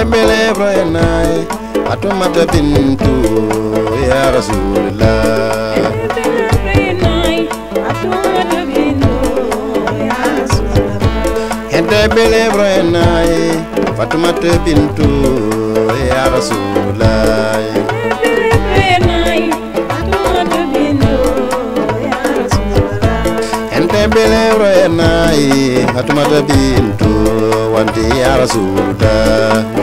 تبلي بريناي أتوما تبنتو يا رسول الله Tebele brenai, Fatuma tebintu, ya Rasulai. Tebele brenai, Fatuma tebintu, ya Rasulai. Tebele brenai, Fatuma tebintu, wanti ya Rasulai.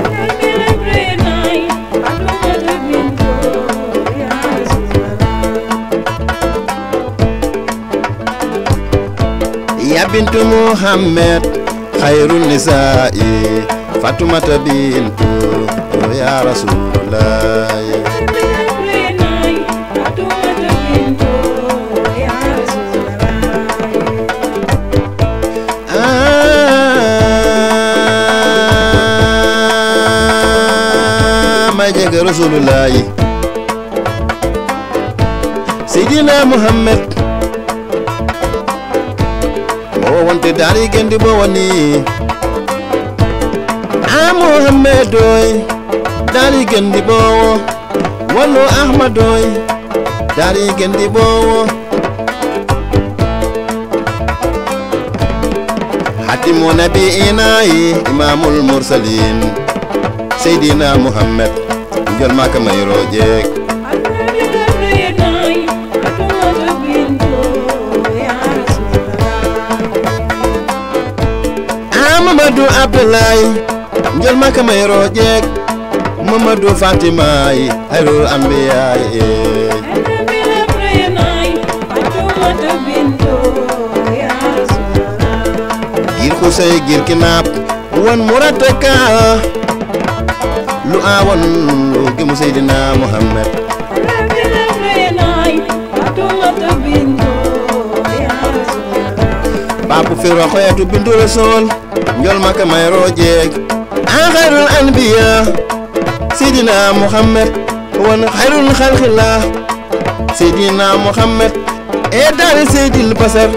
يا بنت محمد خير النساء فاطمة بنت يا رسول الله جاك رسول الله سيدنا محمد o wonte daari gendi ni, woni a mohammedoy daari gendi bowo wonno ahmadoy daari gendi bowo hatimu nabi'inayi imamul mursalin Sayyidina muhammad jolmaka mayro jeeg Mamadou Abdoulaye njël ma ka may roojeek Mamadou Fatima yi Xayrul Ambiya yi gir ku sey gir ki wan murata kaa lu aawan lu gimu Seydina Muhammad baabu fi roxoyatu bindu rasul njol maka mayro jeeg an xayrul anbiya sidina muhammad won xayrul xalqillah sidina muhammad e daari seydil basar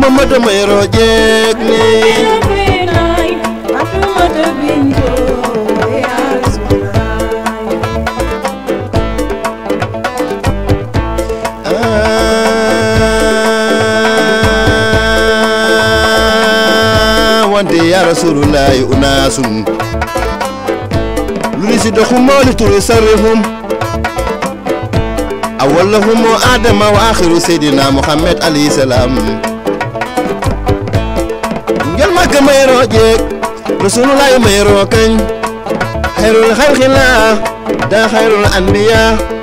mamada mayro jeeg ni ya rasulullahi unaasun لرزقهم لترسلهم أولهم آدم وآخر سيدنا محمد عليه السلام جل ما كميرو جيك رسول الله ميرو كن خير الخلق لا دا خير الأنبياء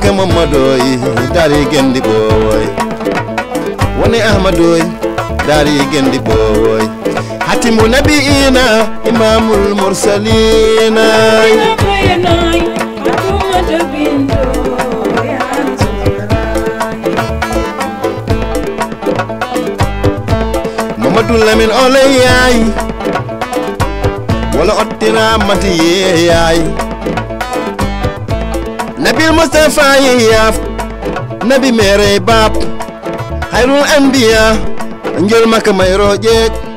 ke mamadoy dari gendi bowoy woni ahmadoy dari gendi bowoy hatimu nabiina imamul mursalina mamadou lamin oley yaay wala ottiramati yeeyaay المصطفى ياف نبي ميري باب خير الأنبياء انجل مكة ميرو جيت